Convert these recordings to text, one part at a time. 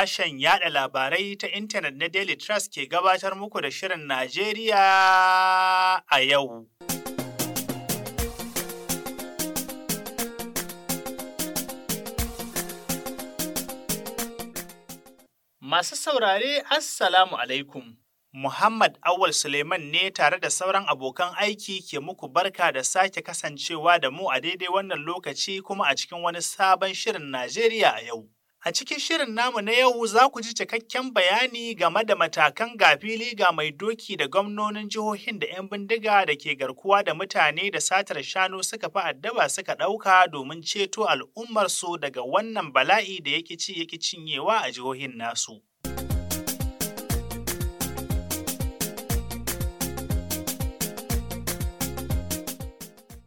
sashen yada labarai ta intanet na Daily Trust ke gabatar muku da Shirin Najeriya a yau. Masu saurare, Assalamu alaikum. Muhammad Awal Suleiman ne tare da sauran abokan aiki ke muku barka da sake kasancewa da mu a daidai wannan lokaci kuma a cikin wani sabon shirin Najeriya a yau. A cikin shirin namu na yau za ku ji cikakken bayani game da matakan gafili ga mai doki da gwamnonin jihohin da 'yan bindiga da ke garkuwa da mutane da satar shanu suka fi addaba suka ɗauka domin ceto al'ummarsu daga wannan bala'i da yake ci yake cinyewa a jihohin nasu.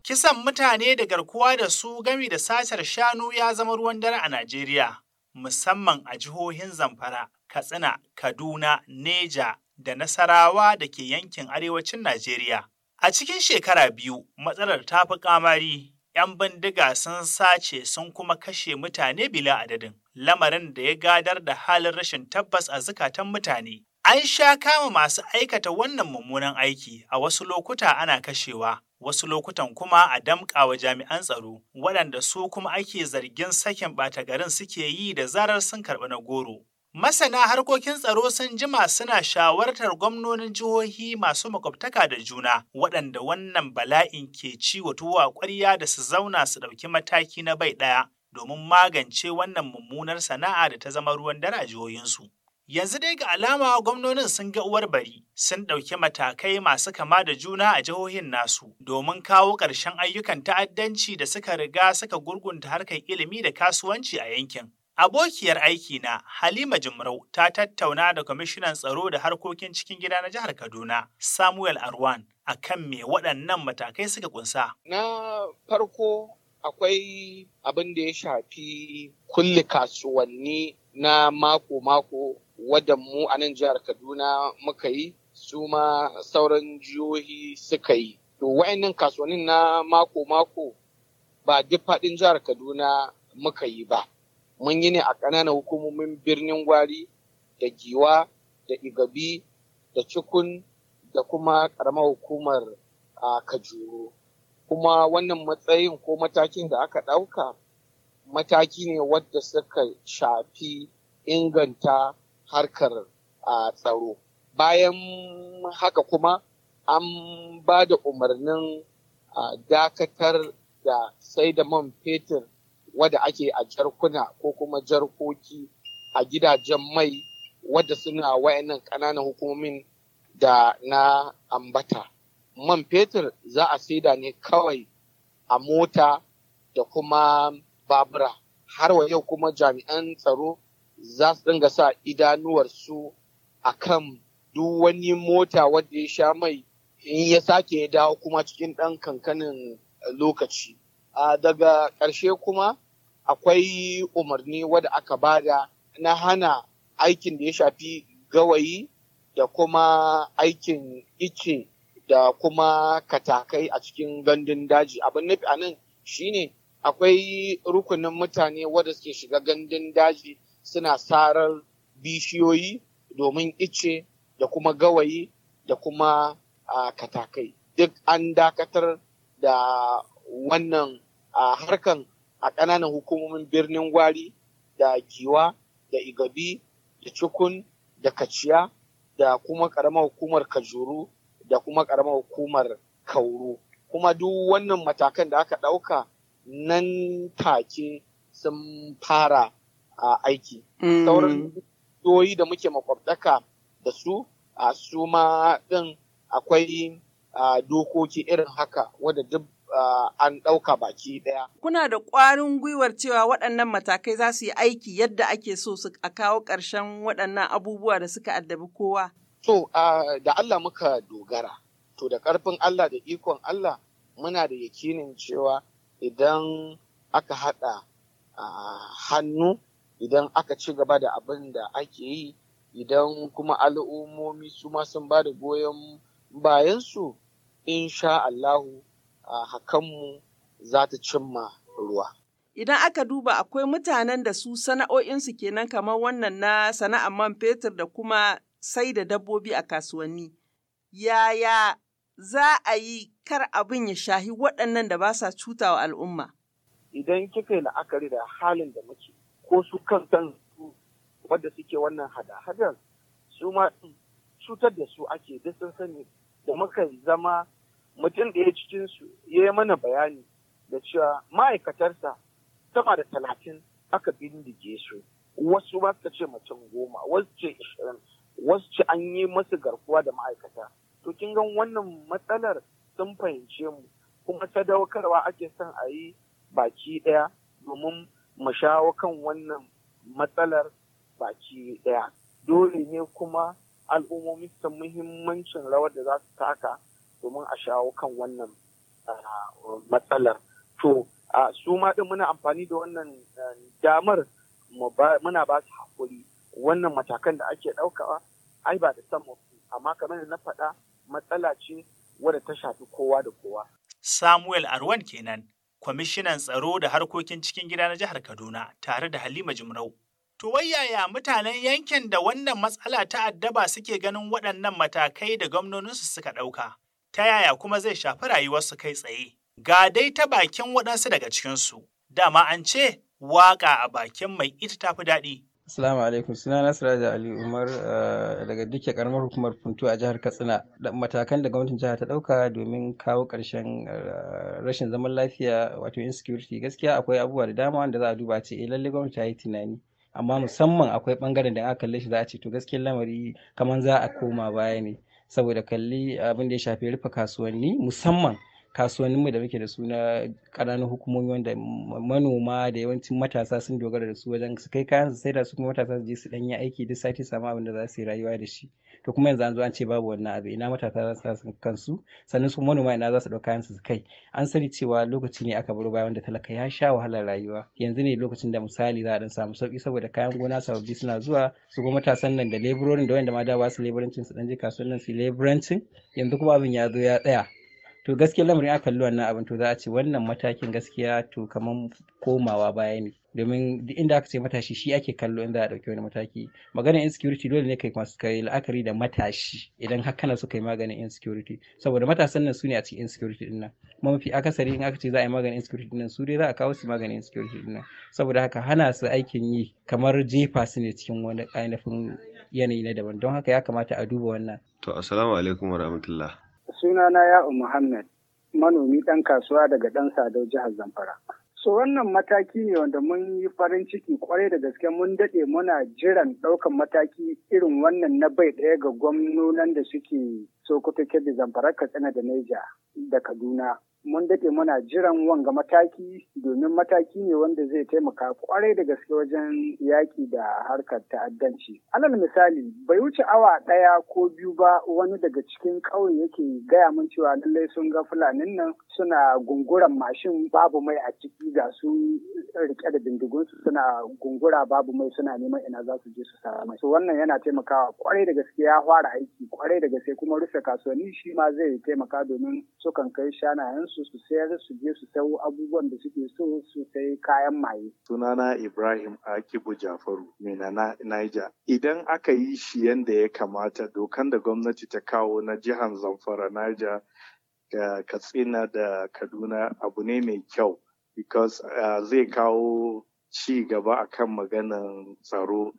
Kisan mutane da garkuwa da su gami da satar shanu ya zama ruwan dare a Najeriya. musamman a jihohin Zamfara, Katsina, Kaduna, Neja da Nasarawa da ke yankin arewacin Najeriya. A cikin shekara biyu, matsalar ta fi kamari, ‘yan bindiga sun sace sun kuma kashe mutane bila adadin, lamarin da ya gadar da halin rashin tabbas a zukatan mutane. An sha kama masu aikata wannan mummunan aiki, a wasu lokuta ana kashewa, wasu lokutan kuma a damƙawa jami'an tsaro waɗanda su kuma ake zargin sakin ɓata garin suke yi da zarar sun karɓi na goro. Masana harkokin tsaro sun jima suna shawartar gwamnonin jihohi masu makwabtaka da juna waɗanda wannan bala'in ke ciwo tuwa ƙwarya da su zauna su ɗauki mataki na bai ɗaya domin magance wannan mummunar sana'a da ta zama ruwan dare a jihohinsu. Yanzu dai ga alama gwamnonin sun ga uwar bari, sun ɗauki matakai masu kama da juna a jihohin nasu domin kawo ƙarshen ayyukan ta'addanci da suka riga suka gurgunta harkar ilimi da kasuwanci a yankin. Abokiyar aiki na Halima Jimrau ta tattauna da kwamishinan tsaro da harkokin cikin gida na jihar Kaduna, Samuel Arwan, a kan me waɗannan matakai suka kunsa. Na farko akwai abin da ya shafi kulle kasuwanni na mako-mako wadda mu a nan jihar Kaduna muka yi su ma sauran jihohi suka yi. To wa'annan kasuwannin na mako-mako ba duk faɗin jihar Kaduna muka yi ba. Mun yi ne a ƙananan hukumomin birnin Gwari da Giwa da Igabi da Cikun da kuma ƙaramar hukumar a Kajuru. Kuma wannan matsayin ko matakin da aka ɗauka mataki ne wadda suka shafi inganta harkar tsaro bayan haka kuma an ba da umarnin dakatar da sai da man fetur wadda ake a jarkuna ko kuma jarkoki a gidajen mai wadda suna wayannan ƙananan hukumomin da na ambata man fetur za a saida ne kawai a mota da kuma babura har wa yau kuma jami'an tsaro za su dinga sa idanuwarsu a kan duk wani mota wadda ya sha mai in ya sake ya dawo kuma cikin ɗan kankanin lokaci. Daga ƙarshe kuma akwai umarni wadda aka bada na hana aikin da ya shafi gawayi da kuma aikin ice da kuma katakai a cikin gandun daji. Abin nufi a nan shine akwai rukunin mutane wadda suke shiga gandun daji suna sarar bishiyoyi domin ice da kuma gawayi da kuma katakai duk an dakatar da wannan harkan a ƙananan hukumomin birnin gwari da giwa da igabi da cikun da kaciya da kuma ƙaramar hukumar kajuru da kuma ƙaramar hukumar kauru kuma duk wannan matakan da aka ɗauka nan take sun fara a aiki mm. sauran yoyi da muke makwabtaka da su a su ma ɗin akwai dokoki irin haka wadda duk an ɗauka baki ɗaya. Kuna da ƙwarin gwiwar cewa waɗannan matakai za su yi aiki yadda ake so su a kawo ƙarshen waɗannan abubuwa da suka addabi kowa? To, da Allah muka dogara, to da ƙarfin Allah da ikon Allah muna da yakinin cewa idan aka haɗa hannu idan aka ci gaba da abin da ake yi idan kuma al'ummomi su ma sun ba da goyon bayansu insha Allahu a hakanmu za ta cimma ruwa. Idan aka duba akwai mutanen da su sana'o'insu kenan kamar wannan na sana'ar man fetur da kuma sai da dabbobi a kasuwanni. Yaya za a yi kar abin ya shahi waɗannan da ba sa cutawa al'umma? Idan kika yi la'akari da halin da muke ko su kan kan wadda suke wannan hada-hadar su ma cutar da su ake da sun sani da muka zama mutum da ya cikin su ya yi mana bayani da cewa ma'aikatarsa sama da talatin aka bindige su wasu ba suka ce mutum goma wasu ce ishirin wasu ce an yi masu garkuwa da ma'aikata to kin gan wannan matsalar sun fahimce mu kuma sadaukarwa ake son a yi baki ɗaya domin mu shawo kan wannan matsalar baki daya Dole ne kuma al'ummomi ta muhimmancin rawar da za su taka domin a shawo kan wannan ah, matsalar. To, su ma ɗin muna amfani da wannan eh, damar muna ba su haƙuri wannan matakan da ake ɗaukawa ai ba da samu amma kamar da na faɗa matsala ce wadda ta shafi kowa da kowa. Samuel Arwan kenan kwamishinan tsaro da harkokin cikin gida na jihar Kaduna tare da Halima Jimrau. To yaya mutanen yankin da wannan matsala ta addaba suke ganin waɗannan matakai da gwamnoninsu suka ɗauka, ta yaya kuma zai shafi rayuwarsu kai tsaye. Ga dai ta bakin waɗansu daga cikinsu, dama an ce waƙa a bakin mai ita tafi daɗi. Assalamu alaikum suna Nasira da Ali Umar eh, daga duke karamar hukumar Funtu a jihar Katsina matakan da gwamnatin jihar ta dauka domin kawo karshen eh, rashin zaman lafiya wato insecurity gaskiya akwai abubuwa da dama wanda za a duba ce eh lalle gwamnati ta yi tunani amma musamman akwai bangaren da aka kalle shi za a ce to gaskiyar lamari kamar za a koma baya ne saboda kalli abin da ya shafi rufe kasuwanni musamman Kasuwannin mu da muke da su na ƙananan hukumomi wanda manoma da yawancin matasa sun dogara da su wajen su kai kayan su saida su kuma matasa su je su ɗanyi aiki duk sati samu abin da za su yi rayuwa da shi to kuma yanzu an zo an ce babu wannan abu ina matasa za su kansu sannan su manoma ina za su ɗauka kayan su kai an sani cewa lokaci ne aka baro bayan wanda talaka ya sha wahalar rayuwa yanzu ne lokacin da misali za a ɗan samu sauƙi, saboda kayan gona sababbi suna zuwa su kuma matasan nan da leburorin da wanda ma da ba su leburancin su ɗan je kasuwannin su leburancin yanzu kuma abin ya zo ya tsaya to gaskiya lamarin a kalli wannan abin to za a ce wannan matakin gaskiya to kamar komawa baya ne domin inda aka ce matashi shi ake kallo inda a ɗauki wani mataki maganar insecurity dole ne kai masu kai la'akari da matashi idan haka kana suka kai maganin insecurity saboda matasan nan su ne a cikin insecurity din nan kuma mafi akasari in aka ce za a yi maganin insecurity din nan su dai za a kawo su maganin insecurity din nan saboda haka hana su aikin yi kamar jefa su ne cikin wani ainihin yanayi na daban don haka ya kamata a duba wannan to assalamu alaikum wa warahmatullah sunana ya'u muhammad manomi ɗan kasuwa daga ɗan sadau jihar zamfara so wannan mataki ne wanda mun yi farin ciki kwarai da gaske mun daɗe muna jiran ɗaukan mataki irin wannan na bai ɗaya ga gwamnonin da suke sokoto kebbi zamfara katsina da neja da kaduna mun dade muna jiran wanga mataki domin mataki ne wanda zai taimaka kwarai da gaske wajen yaki da harkar ta'addanci. Alal misali, bai wuce awa ɗaya ko biyu ba wani daga cikin ƙauye yake gaya mun cewa lallai sun ga fulanin nan suna gunguran mashin babu mai a ciki ga su rike da bindigunsu suna gungura babu mai suna neman ina za su je su samu mai. So wannan yana taimakawa kwarai da gaske ya fara aiki kwarai da gaske kuma rufe kasuwanni shi ma zai taimaka domin sukan kai shanayensu su su sayar su je su sayo abubuwan da suke so su sayi kayan maye. Sunana Ibrahim Akibu Jafaru, Minana Niger. Idan aka yi shi yadda ya kamata dokan da gwamnati ta kawo na jihar Zamfara Niger da Katsina da Kaduna abu ne mai kyau. Because uh, zai kawo ci gaba akan maganan tsaro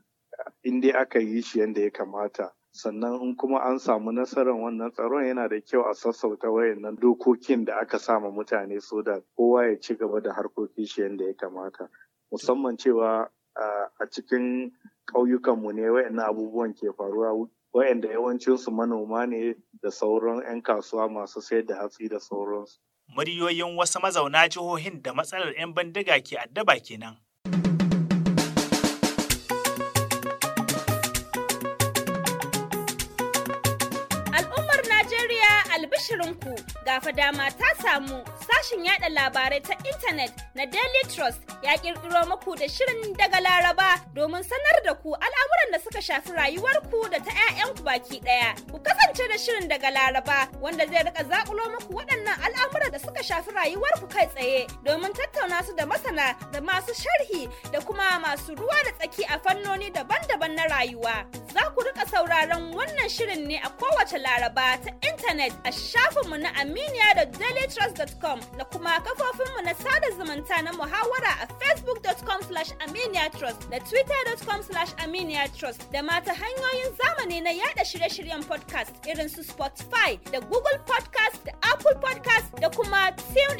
in aka yi shi yadda ya kamata. sannan in kuma an samu nasarar wannan tsaron yana da kyau a sassauta wayannan dokokin da aka sama mutane so da kowa ya ci gaba da harkoki shi yadda ya kamata musamman cewa a cikin ƙauyukanmu ne wayannan abubuwan ke faruwa wayanda yawancinsu manoma ne da sauran 'yan kasuwa masu sayar da hatsi da sauransu. Muryoyin wasu mazauna jihohin da matsalar 'yan bindiga ke addaba kenan. shirinku gafa dama ta samu sashin yada labarai ta intanet na Daily Trust ya kirkiro muku da shirin daga Laraba domin sanar da ku al'amuran da suka shafi rayuwarku da ta 'ya'yanku baki daya. Ku kasance da shirin daga Laraba wanda zai rika zakulo muku waɗannan al'amuran da suka shafi rayuwar ku kai tsaye domin tattauna su da masana da masu sharhi da kuma masu ruwa da tsaki a fannoni daban-daban na rayuwa. Za ku rika sauraron wannan shirin ne a kowace laraba ta intanet a shafinmu na aminiya da dailytrust.com da kuma kafofinmu na sada zumunta na muhawara a facebook.com slash aminiyatrust da twitter.com slash aminiyatrust da mata hanyoyin zamani na yada shirye-shiryen podcast irin su Spotify da Google podcast da Apple podcast da kuma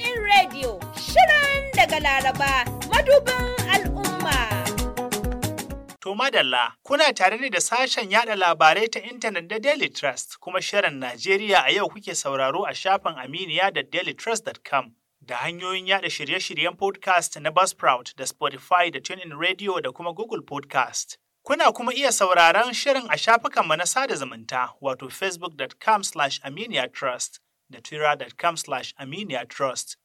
in Radio. Shirin daga laraba madubin al'umma. madalla, kuna tare ne da sashen yada labarai ta intanet da Daily Trust kuma shirin Najeriya a yau kuke sauraro a shafin Aminiya da dailytrust.com da hanyoyin yada shirye-shiryen podcast na Buzzsprout da Spotify da TuneIn Radio da kuma Google Podcast. Kuna kuma iya sauraron shirin a shafukanmu na sada zumunta wato facebook.com slash da twitter.com slash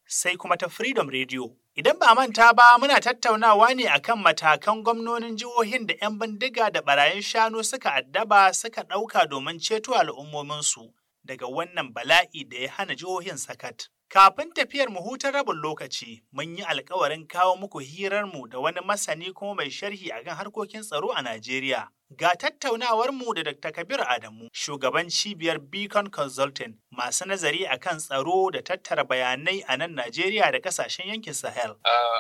sai kuma ta Freedom Radio. Idan ba manta ba muna tattaunawa ne akan matakan gwamnonin jihohin da 'yan bindiga da barayin shanu suka addaba suka ɗauka domin ceto al'ummominsu daga wannan bala'i da ya hana jihohin sakat. Kafin tafiyar mu hutar rabin lokaci, mun yi alkawarin kawo muku hirar mu da wani masani kuma mai sharhi a kan harkokin tsaro a Najeriya. Ga tattaunawar mu da Dr. Kabir Adamu, shugaban cibiyar Beacon Consulting, masu nazari a kan tsaro da tattara bayanai a nan Najeriya da kasashen yankin Sahel.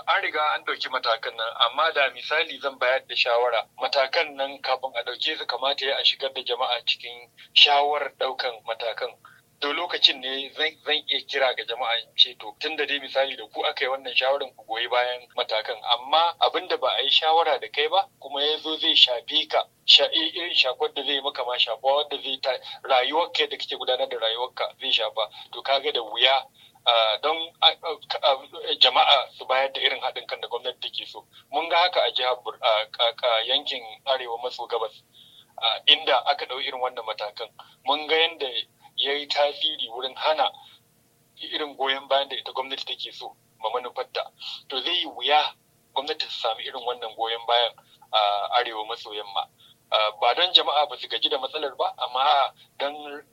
an riga an ɗauki matakan nan, amma da misali zan bayar da shawara. Matakan nan kafin a ɗauke su kamata ya a shigar da jama'a cikin shawarar ɗaukan matakan. to lokacin ne zan iya kira ga jama'a in ce to tun da dai misali da ku aka yi wannan shawarar ku goyi bayan matakan amma abin da ba a yi shawara da kai ba kuma ya zo zai shafe ka irin shakwar da zai maka ma shafa wanda zai ta rayuwar ka da kake gudanar da rayuwar ka zai shafa to ka ga da wuya don jama'a su bayar da irin haɗin kan da gwamnati take so mun ga haka a jihar yankin arewa maso gabas inda aka ɗau irin wannan matakan mun ga yadda ya yi tasiri wurin hana irin goyon bayan da ita gwamnati take so ma manufarta to zai yi wuya gwamnati su sami irin wannan goyon bayan a arewa maso yamma ba don jama'a ba su gaji da matsalar ba amma don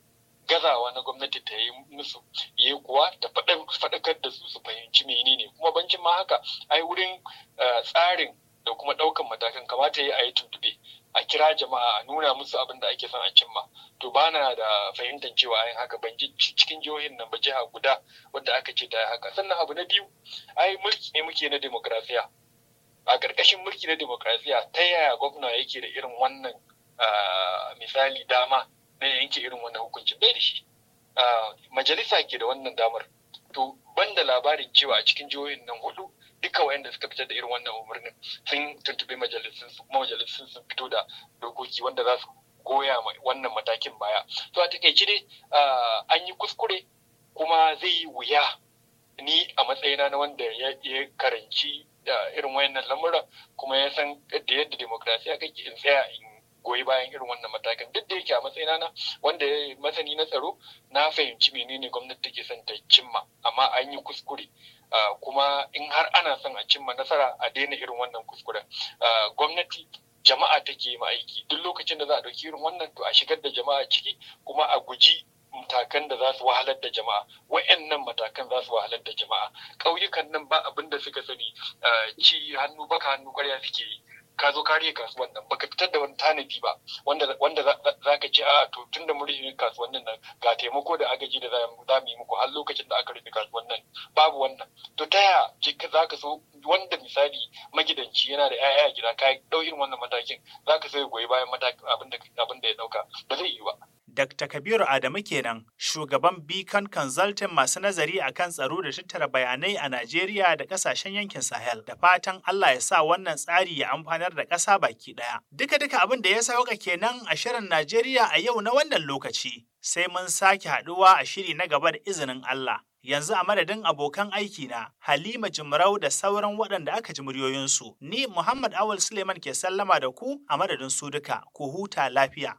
gazawa na gwamnati ta yi musu yi kuwa ta faɗakar da su su fahimci menene kuma bancin ma haka ai wurin tsarin da kuma ɗaukan matakan kamata ya yi a yi tuntube a kira jama'a a nuna musu abin da ake son a cimma to ba na da fahimtar cewa ayin haka ban cikin jihohin nan ba jiha guda wadda aka ce ta haka sannan abu na biyu ai mulki ne muke na demokrasiya a ƙarƙashin mulki na demokrasiya ta yaya gwamna yake da irin wannan ah, misali dama na yanke irin wannan hukuncin bai da shi ah, majalisa ke da wannan damar to banda labarin cewa a cikin jihohin nan hudu duka wayanda suka fitar da irin wannan umarnin sun tuntube majalisun su kuma majalisun sun fito da dokoki wanda za su goya wannan matakin baya to a takaice dai an yi kuskure kuma zai yi wuya ni a matsayina na wanda ya karanci irin wayannan lamuran kuma ya san da yadda demokrasiya kake in tsaya in goyi bayan irin wannan matakin duk a matsayina na wanda ya masani na tsaro na fahimci menene gwamnati take son ta cimma amma an yi kuskure kuma in har ana son a cimma nasara a daina irin wannan kuskuren gwamnati jama'a take ma aiki duk lokacin da za a ɗauki irin wannan to a shigar da jama'a ciki kuma a guji matakan da za su wahalar da jama'a wa'annan matakan za su wahalar da jama'a ƙauyukan nan ba abin da suka sani ci hannu baka hannu ƙwarya suke yi ka zo ka kasuwan nan baka fitar da wani tanadi ba wanda za ka ce a to tun da muri irin kasuwannin nan ga taimako da agaji da za mu yi muku har lokacin da aka rufe kasuwan nan babu wannan to ta yaya za ka so wanda misali magidanci yana da 'ya'ya a gida ka yi irin wannan matakin za ka so ya goyi bayan matakin abin da ya ɗauka ba zai yi ba Dr. Kabiru Adamu kenan, shugaban Beacon Consulting masu nazari a kan tsaro da tattara bayanai a Najeriya da kasashen yankin Sahel. Da fatan Allah ya sa wannan tsari ya amfanar da ƙasa baki ɗaya. Duka-duka abin da ya sauka kenan a shirin Najeriya a yau na wannan lokaci. Sai mun sake haɗuwa a shiri na gaba da izinin Allah. yanzu a madadin abokan aiki na Halima Jimrau da sauran waɗanda aka ji muryoyinsu, ni Muhammad Awul Suleiman ke sallama da ku a madadin su duka, ku huta lafiya.